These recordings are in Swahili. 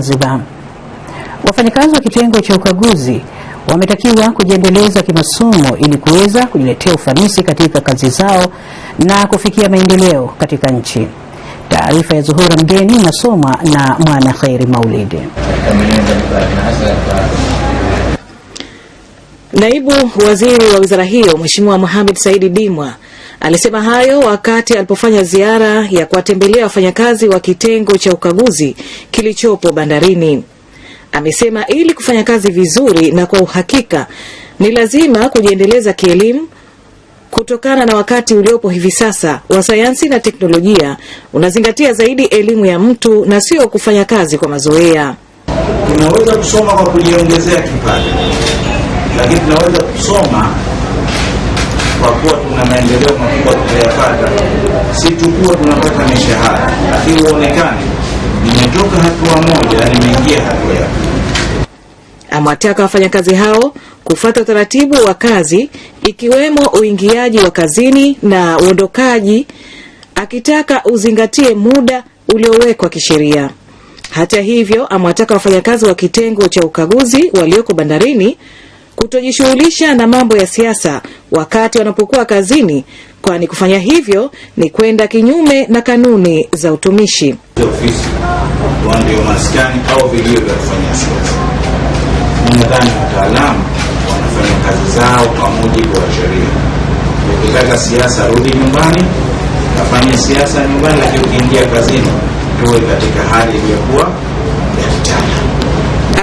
Zanzibar. Wafanyakazi wa kitengo cha ukaguzi wametakiwa kujiendeleza kimasomo ili kuweza kujiletea ufanisi katika kazi zao na kufikia maendeleo katika nchi. Taarifa ya Zuhura Mgeni inasomwa na Mwana Khairi Maulidi. Naibu waziri wa wizara hiyo Mheshimiwa Mohamed Saidi Dimwa Alisema hayo wakati alipofanya ziara ya kuwatembelea wafanyakazi wa kitengo cha ukaguzi kilichopo bandarini. Amesema ili kufanya kazi vizuri na kwa uhakika ni lazima kujiendeleza kielimu kutokana na wakati uliopo hivi sasa wa sayansi na teknolojia unazingatia zaidi elimu ya mtu na sio kufanya kazi kwa mazoea. Tunaweza kusoma kwa kujiongezea kipato, lakini tunaweza kusoma maendeleo makubwa tutayapata, si tukuwa tunapata mishahara, lakini uonekane nimetoka hatua moja, nimeingia hatua ya amewataka wafanyakazi hao kufuata utaratibu wa kazi ikiwemo uingiaji wa kazini na uondokaji, akitaka uzingatie muda uliowekwa kisheria. Hata hivyo, amewataka wafanyakazi wa kitengo cha ukaguzi walioko bandarini kutojishughulisha na mambo ya siasa wakati wanapokuwa kazini, kwani kufanya hivyo ni kwenda kinyume na kanuni za utumishi. Nadhani wataalamu wanafanya kazi zao kwa mujibu wa sheria. Ukitaka siasa, rudi nyumbani, kafanya siasa nyumbani, lakini ukiingia kazini, tuwe katika hali iliyokuwa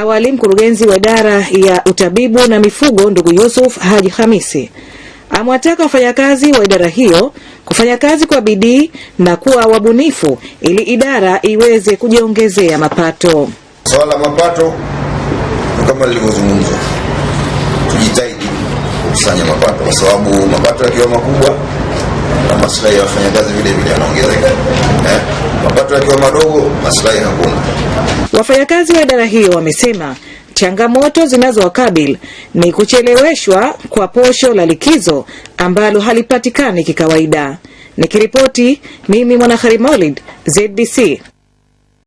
Awali mkurugenzi wa idara ya utabibu na mifugo ndugu Yusuf Haji Hamisi amewataka wafanyakazi wa idara hiyo kufanya kazi kwa bidii na kuwa wabunifu ili idara iweze kujiongezea mapato. Swala la mapato kama lilivyozungumzwa, tujitahidi kukusanya mapato kwa sababu mapato yakiwa makubwa na maslahi ya wafanyakazi vile vile yanaongezeka. Eh, mapato yakiwa madogo, maslahi hakuna. Wafanyakazi wa idara hiyo wamesema changamoto zinazowakabili ni kucheleweshwa kwa posho la likizo ambalo halipatikani kikawaida. Nikiripoti mimi Mwana Kharimolid, ZBC.